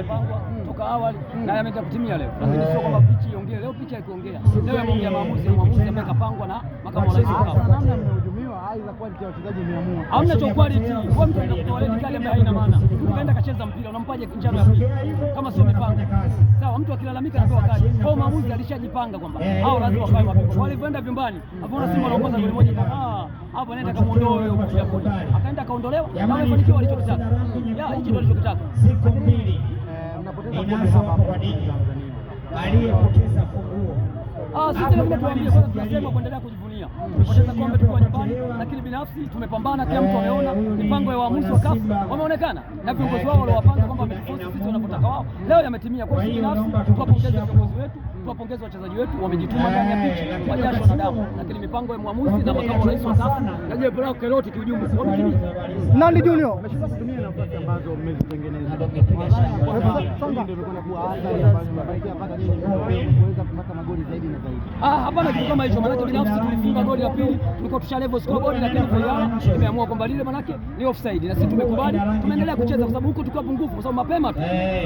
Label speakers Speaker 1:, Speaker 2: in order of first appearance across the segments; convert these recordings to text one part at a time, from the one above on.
Speaker 1: yamepangwa mm. toka awali na mm. yameenda kutimia leo, eh. lakini sio kwamba pichi iongee leo. Pichi haikuongea leo, yameongea maamuzi, maamuzi ambayo yakapangwa na makamu wa rais. Hamna cho quality kwa mtu anakuwa red card haina maana. Ukaenda kacheza mpira unampaje kinjano ya pili kama sio mipango sawa? Mtu akilalamika anapewa kadi kwa maamuzi, alishajipanga kwamba eh. hao lazima wakae mabingwa. Walivyoenda vyumbani, mm. akaona Simba anaongoza goli moja, ah, hapo anaenda kamuondoa huyo akaenda kaondolewa na wamefanikiwa walichokitaka. Ya ndio walichokitaka siku mbili ninazo kwa Dija aliyepoteza funguo ah, kuendelea kujivunia hmm. kupoteza kombe tukiwa nyumbani, lakini binafsi tumepambana, kila mtu ameona mipango ya waamuzi wa kafu wameonekana na viongozi wao waliowapanga kwamba wametufosi sisi wanavyotaka wao, leo yametimia. Kwa hiyo binafsi tuwapongeze viongozi wetu tuwapongeze wachezaji wetu, wamejituma ndani ya pichi kwa jasho na damu, lakini mipango ya mwamuzi na makamu rais wa TAF
Speaker 2: na je pela keloti kiujumla wametumia
Speaker 3: nani Junior ameshinda kutumia nafasi ambazo mmezitengeneza
Speaker 1: kuweza kupata magoli zaidi na zaidi. Ah, hapana kitu kama hicho, maanake binafsi tulifunga goli la pili, tulikuwa tusha level score goli, lakini hiyo imeamua kwamba lile maanake ni offside, na sisi tumekubali, tumeendelea kucheza kwa sababu huko tulikuwa pungufu, kwa sababu mapema tu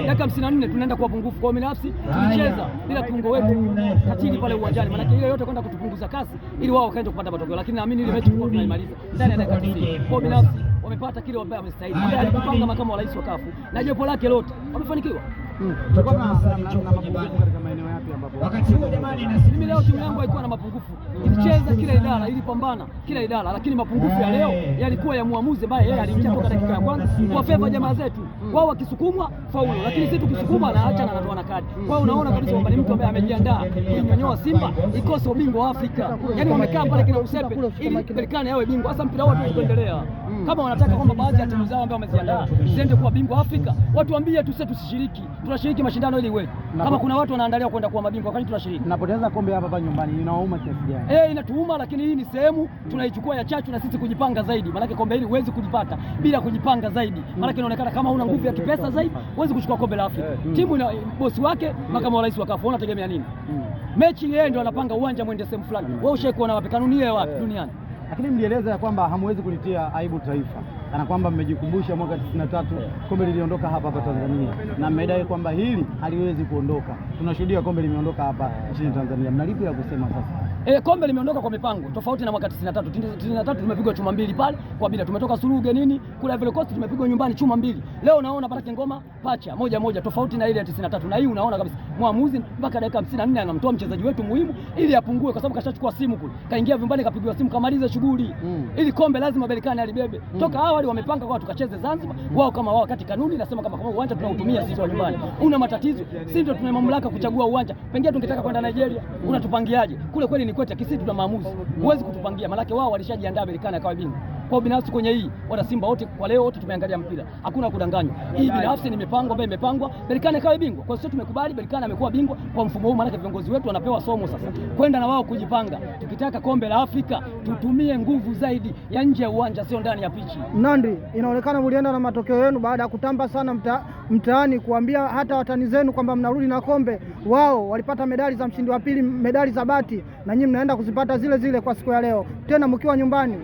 Speaker 1: dakika 54 tunaenda kuwa pungufu. Kwa hiyo binafsi tulicheza bila mpango wetu katili pale uwanjani, maanake ile yote kwenda kutupunguza kasi ili wao wakaenda kupata matokeo, lakini naamini ile mechi kwa tunaimaliza ndani ya dakika 90 kwa binafsi wamepata kile ambaye amestahili ambaye alikupanga makamu wa rais wa kafu na jopo lake lote wamefanikiwa. Leo timu yangu haikuwa na mapungufu, ilicheza kila idara, ilipambana kila idara, lakini mapungufu ya leo eh. yalikuwa ya mwamuzi ambaye yeye aliingia toka dakika ya kwanza kwa favor jamaa zetu. Wao wakisukumwa faulu, lakini sisi tukisukumwa anaacha na anatoa na kadi. Kwa hiyo unaona kabisa kwamba ni mtu ambaye amejiandaa kunyonyoa Simba ikose ubingwa wa Afrika. Yaani wamekaa pale kina Usepe ili Berkane awe bingwa. Sasa mpira wote tunaendelea Mm. Kama wanataka kwamba baadhi ya timu zao ambao wameziandaa ziende kuwa bingwa Afrika, watuambie tu, sisi tusishiriki, tunashiriki mashindano ili wewe. kama kuna watu wanaandalia kwenda kuwa mabingwa, kwani tunashiriki?
Speaker 3: Napoteza kombe hapa hapa nyumbani, inauma kiasi gani?
Speaker 1: Eh, inatuuma, lakini hii ni sehemu tunaichukua ya chachu na sisi kujipanga zaidi, Maana kombe hili huwezi kulipata bila kujipanga zaidi, mm. Maana inaonekana kama una nguvu ya mm. kipesa zaidi, huwezi kuchukua kombe la Afrika. Timu ina bosi wake, makamu wa rais wa kafu, unategemea nini? Mechi yeye ndio anapanga uwanja mwende sehemu fulani, wewe ushaikuona wapi? Kanuni yeye wapi eh. duniani?
Speaker 3: lakini mlieleza ya kwamba hamwezi kulitia aibu taifa kana kwamba mmejikumbusha mwaka 93 yeah. kombe liliondoka hapa hapa Tanzania na mmedai kwamba hili haliwezi kuondoka. Tunashuhudia kombe limeondoka hapa nchini Tanzania, mna lipi la kusema sasa?
Speaker 1: E, kombe limeondoka kwa mipango tofauti na mwaka 93. 93 tumepigwa chuma mbili pale kwa bila, tumetoka suruge nini kule Ivory Coast tumepigwa nyumbani chuma mbili. Leo unaona baraka ngoma pacha moja moja tofauti na ile ya 93, na hii unaona kabisa mwamuzi mpaka dakika 54 anamtoa mchezaji wetu muhimu ili apungue, kwa sababu kashachukua simu kule, kaingia vyumbani, kapigwa simu, kamaliza shughuli mm. ili kombe lazima Berkane alibebe mm. toka mm. Wazanzibari wamepanga kwa tukacheze Zanzibar, wao kama wao, wakati kanuni nasema kama kama uwanja tunautumia sisi wa nyumbani una matatizo, sisi ndio tuna mamlaka kuchagua uwanja. Pengine tungetaka kwenda Nigeria, unatupangiaje? Kule kweli ni kwetu, kisi tuna maamuzi, huwezi kutupangia, maanake wao walishajiandaa na akawa bingwa kwa binafsi kwenye hii wana Simba wote kwa leo wote tumeangalia mpira, hakuna kudanganywa. Hii binafsi ni mipango ambayo imepangwa, Berkane kawe bingwa. Kwa sisi tumekubali Berkane amekuwa bingwa kwa mfumo huu, maana viongozi wetu wanapewa somo sasa kwenda na wao kujipanga. Tukitaka kombe la Afrika tutumie nguvu zaidi ya nje ya uwanja, sio ndani ya pichi.
Speaker 3: Nandi, inaonekana mulienda na matokeo yenu baada ya kutamba sana mta mtaani kuambia hata watani zenu kwamba mnarudi na kombe. Wao walipata medali za mshindi wa pili, medali za bati, na nyinyi mnaenda kuzipata zile zile kwa siku ya leo, tena mkiwa nyumbani.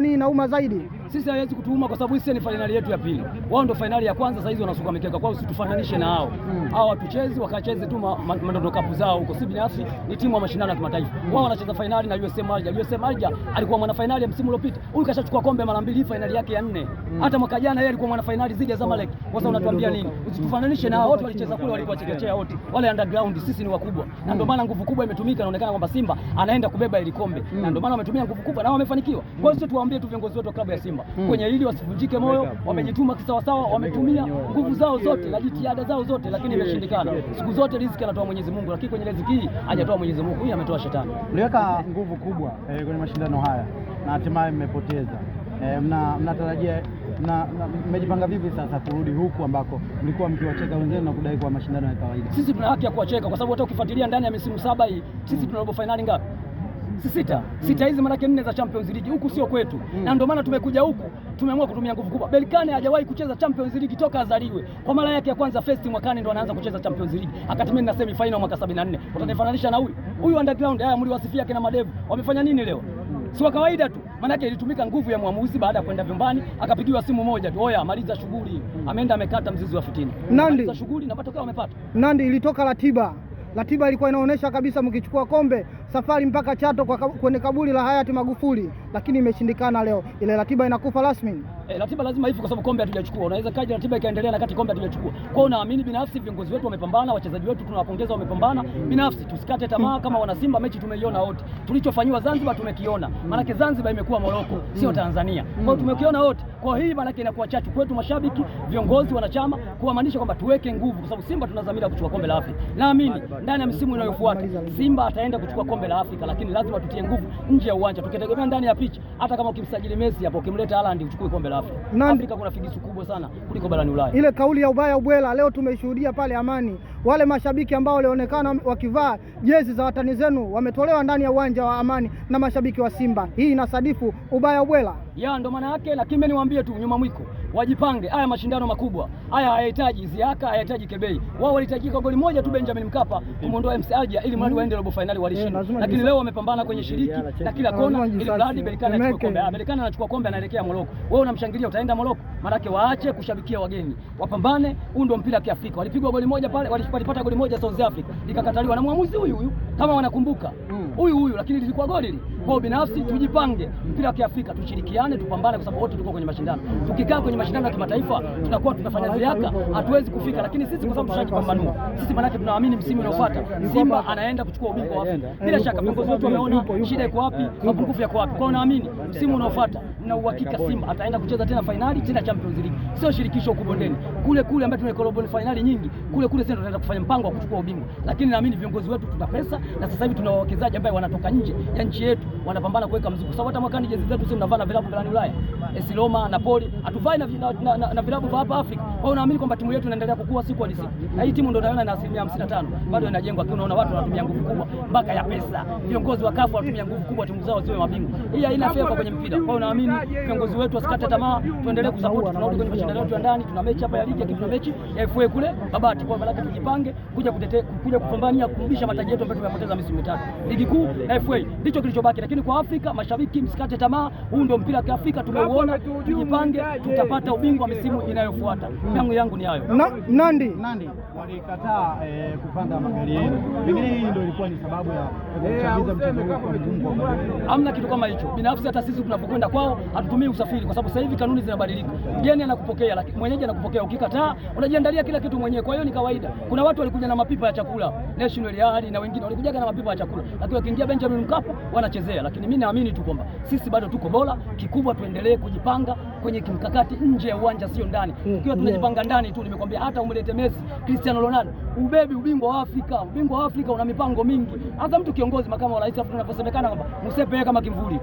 Speaker 3: nini inauma zaidi?
Speaker 1: Sisi hawezi kutuuma kwa sababu hii ni fainali yetu ya pili, wao ndio fainali ya kwanza. Sasa hizi wanasuka mikeka kwao, situfananishe na hao hmm. hao. Watuchezi wakacheze tu mandondo kapu zao huko, si binafsi, ni timu ya mashindano ya kimataifa. Hmm. Wao wanacheza fainali na USM Alger. USM Alger alikuwa mwana fainali ya msimu uliopita, huyu kashachukua kombe mara mbili, hii fainali yake ya nne. Hmm. Hata mwaka jana yeye alikuwa mwana fainali dhidi ya Zamalek. Sasa unatuambia nini? Usitufananishe na hao wote, walicheza kule, walikuwa chekechea wote wale underground. Sisi ni wakubwa, na ndio maana nguvu kubwa imetumika. Inaonekana kwamba Simba anaenda kubeba ile kombe, na ndio maana wametumia nguvu kubwa na wamefanikiwa. Kwa hiyo sisi tuwaambie tu viongozi wetu wa klabu ya Simba Simba hmm. Kwenye hili wasivunjike moyo, hmm. wamejituma kisawasawa, wametumia nguvu zao zote na hmm. jitihada zao zote, lakini imeshindikana. Siku zote riziki anatoa Mwenyezi Mungu, lakini kwenye riziki hii hmm. hajatoa Mwenyezi Mungu, huyu ametoa shetani.
Speaker 3: Uliweka nguvu kubwa eh, kwenye mashindano haya na hatimaye mmepoteza. Eh, mnatarajia na mmejipanga vipi sasa kurudi huku ambako mlikuwa mkiwacheka wenzenu na kudai kwa mashindano ya kawaida?
Speaker 1: Sisi tuna haki ya kuwacheka kwa sababu hata ukifuatilia ndani ya misimu saba hii sisi tuna robo fainali ngapi? si sita sita hizi maanake nne za Champions League huku sio kwetu mm. na ndio maana tumekuja huku, tumeamua kutumia nguvu kubwa. Berkane hajawahi kucheza Champions League toka azaliwe. Kwa mara yake ya kwanza first mwakani ndo anaanza kucheza Champions League, akatimia na semi final mwaka 74. Utanifananisha na huyu huyu underground? Haya, mliwasifia kina madevu wamefanya nini leo? Si wa kawaida tu, Maana yake ilitumika nguvu ya mwamuzi baada ya kwenda vyumbani, akapigiwa simu moja tu, oya, maliza shughuli. Ameenda amekata mzizi wa fitina,
Speaker 3: maliza shughuli na matokeo amepata. Nandi ilitoka ratiba, ratiba ilikuwa inaonyesha kabisa mkichukua kombe safari mpaka Chato kwa kwenye kaburi la hayati Magufuli, lakini imeshindikana leo. Ile ratiba inakufa rasmi.
Speaker 1: E, ratiba lazima ifu kwa sababu kombe hatujachukua. Unaweza kaje ratiba ikaendelea na kati kombe hatujachukua. Kwa hiyo naamini binafsi viongozi wetu wamepambana, wachezaji wetu tunawapongeza, wamepambana. Binafsi tusikate tamaa kama wana Simba, mechi tumeiona wote, tulichofanywa Zanzibar tumekiona, Maana yake Zanzibar imekuwa Moroko sio Tanzania. Kwa hiyo tumekiona wote. Kwa hii yake inakuwa chachu kwetu mashabiki, viongozi, wanachama kuwamaanisha kwamba tuweke nguvu, kwa sababu Simba tunadhamira kuchukua kombe la Afrika. Naamini ndani ya msimu unaofuata Simba ataenda kuchukua kombe kombe la Afrika, lakini lazima tutie nguvu nje ya uwanja. Tukitegemea ndani ya pitch. hata kama ukimsajili Messi hapo ukimleta Haaland uchukue kombe la Afrika. Nandi. Afrika kuna figisu kubwa sana kuliko barani Ulaya.
Speaker 3: Ile kauli ya ubaya ubwela leo tumeishuhudia pale Amani, wale mashabiki ambao walionekana wakivaa jezi za watani zenu wametolewa ndani ya uwanja wa Amani na mashabiki wa Simba. Hii inasadifu ubaya ubwela
Speaker 1: ya, ndo maana yake, lakini mimi niwaambie tu nyuma mwiko wajipange. Haya mashindano makubwa haya hayahitaji ziaka, hayahitaji kebei. Wao walihitajika goli moja tu Benjamin Mkapa kumwondoa MC Alger ili mradi waende robo fainali, walishinda. Eh, Lakini leo wamepambana kwenye shiriki na kila kona, ili mradi Berkane achukue kombe. Ah, Berkane anachukua kombe, anaelekea Moroko. Wewe unamshangilia, utaenda Moroko? Maanake waache kushabikia wageni, wapambane. Huu ndio mpira wa Kiafrika. Walipigwa goli moja pale, walipata goli moja South Africa, likakataliwa na mwamuzi huyu huyu kama wanakumbuka hmm. huyu mm. huyu, lakini lilikuwa goli hili. Kwa binafsi tujipange, mpira wa Kiafrika tushirikiane, tupambane, kwa sababu wote tulikuwa kwenye mashindano. Tukikaa kwenye mashindano ya kimataifa tutakuwa tunafanya ziaka, hatuwezi kufika, lakini sisi kwa sababu tushajipambanua sisi, maanake tunaamini msimu unaofuata Simba anaenda kuchukua ubingwa wa Afrika. Bila shaka viongozi wetu wameona shida iko wapi, mapungufu yako wapi, kwao naamini msimu unaofuata na uhakika Simba ataenda kucheza tena fainali tena Champions League, sio shirikisho huko bondeni kule kule, ambaye tunaikorobo fainali nyingi kule kule, sasa tunaenda kufanya mpango wa kuchukua ubingwa, lakini naamini viongozi wetu tuna pesa na sasa hivi tuna wawekezaji ambao wanatoka nje ya nchi yetu wanapambana kuweka mziki, sababu hata mwakani jezi zetu sisi tunavaa na vilabu vya Ulaya, AS Roma, Napoli, hatuvai na, na, na, na, na vilabu vya hapa Afrika. Kwa hiyo naamini kwamba timu yetu inaendelea kukua siku hadi siku, na hii timu ndio naona ina asilimia hamsini na tano bado inajengwa, kwa unaona watu wanatumia nguvu kubwa mpaka ya pesa, viongozi wa CAF wanatumia nguvu kubwa timu zao ziwe mabingwa. Hii haina fedha kwenye mpira. Kwa hiyo naamini viongozi wetu wasikate tamaa, tuendelee kusapoti. Tunarudi kwenye mashindano yetu ya ndani, tuna mechi hapa ya ligi, tuna mechi ya FA kule Babati, kwa maana tujipange kuja kutetea, kuja kupambania kurudisha mataji yetu ambayo tumepata kupoteza misimu mitatu ligi kuu na FA ndicho kilichobaki, lakini kwa Afrika mashabiki msikate tamaa. Huu ndio mpira wa Kiafrika, tumeuona, tujipange, tutapata ubingwa misimu inayofuata. Yangu yangu ni hayo.
Speaker 3: Nandi
Speaker 4: Nandi walikataa eh, kupanda magari yenu, pengine hii ndio ilikuwa ni sababu ya eh,
Speaker 1: hamna kitu kama hicho. Binafsi hata sisi tunapokwenda kwao hatutumii usafiri, kwa sababu sasa hivi kanuni zinabadilika. Mgeni anakupokea lakini mwenyeji anakupokea, ukikataa unajiandalia kila kitu mwenyewe, kwa hiyo ni kawaida. Kuna watu walikuja na mapipa ya chakula, National Yard na wengine walikuja wanakujaga na mapipa ya chakula, lakini wakiingia Benjamin Mkapa wanachezea. Lakini mimi naamini tu kwamba sisi bado tuko bora, kikubwa tuendelee kujipanga kwenye kimkakati nje ya uwanja, sio ndani. Mm, Tukiwa mm. tunajipanga ndani tu, nimekwambia hata umlete Messi, Cristiano Ronaldo, ubebi ubingwa wa Afrika. Ubingwa wa Afrika una mipango mingi, hata mtu kiongozi, makamu wa rais, tunaposemekana kwamba Musepe kama kimvuli,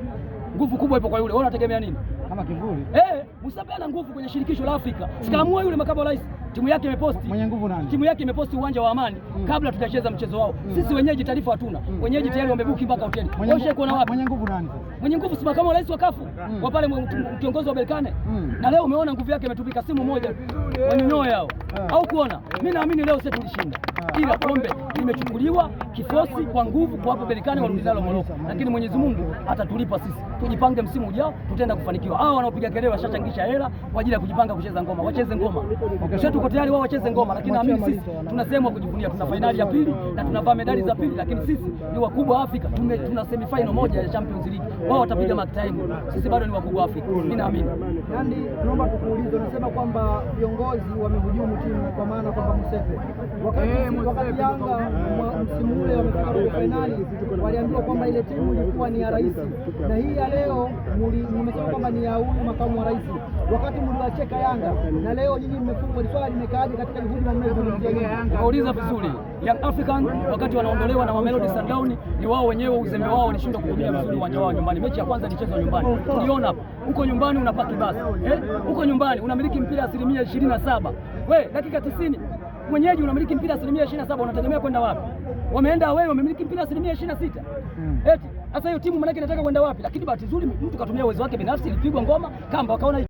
Speaker 1: nguvu kubwa ipo kwa yule, wewe unategemea nini? kama kivuli eh. Musabe ana nguvu kwenye shirikisho la Afrika, mm. sikaamua yule makamu wa rais timu yake imeposti mwenye nguvu nani? Timu yake imeposti uwanja wa Amani mm. kabla tujacheza mchezo wao mm. sisi wenyeji taarifa hatuna mm. wenyeji tayari wamebuki mpaka hoteli. Wewe kuona wapi mwenye nguvu nani? Mwenye nguvu si makamu rais wa kafu mm. wa pale kiongozi wa Berkane mm. na leo umeona nguvu yake imetumika, simu moja eh. wanyonyoe yao yeah. au kuona yeah. mimi naamini leo sisi tulishinda, ah. ila kombe limechukuliwa kifosi kwa nguvu kwa hapo Berikani warudi nalo Moroko, lakini Mwenyezi Mungu atatulipa sisi. Tujipange, msimu ujao tutaenda kufanikiwa. Hao wanaopiga kelele washachangisha hela kwa ajili ya kujipanga kucheza ngoma, wacheze ngoma sio, tuko tayari wao wacheze ngoma, lakini naamini sisi tuna sehemu ya kujivunia. Tuna fainali ya pili na tunavaa medali za pili, lakini sisi ni wakubwa Afrika. Tume, tuna semi final moja ya Champions League, wao watapiga mark time, sisi bado ni wakubwa Afrika. Mimi naamini
Speaker 4: nani, tunaomba kukuuliza, unasema kwamba viongozi wamehujumu timu kwa maana kwamba Msefe wakati eh, wakati Yanga msimu kule wamefika robo fainali waliambiwa kwamba ile timu ilikuwa ni ya rais, na hii ya leo mmesema kwamba ni ya huyu makamu wa rais, wakati mliwacheka Yanga na leo nyinyi mmefungwa. Swala limekaaje katika juhudi
Speaker 1: auliza vizuri Young African wakati wanaondolewa na Mamelodi Sundowns, ni wao wenyewe uzembe wao, walishindwa kutumia vizuri uwanja wao nyumbani. Mechi ya kwanza ilichezwa nyumbani, tuliona Huko nyumbani unapaki basi, eh? huko nyumbani unamiliki mpira asilimia ishirini na saba we dakika tisini mwenyeji unamiliki mpira asilimia ishirini na saba unategemea kwenda wapi? Wameenda wewe, wamemiliki mpira asilimia ishirini na sita mm. Eti sasa hiyo timu manake inataka kwenda wapi? Lakini bahati nzuri mtu katumia uwezo wake binafsi, ilipigwa ngoma kamba wakaona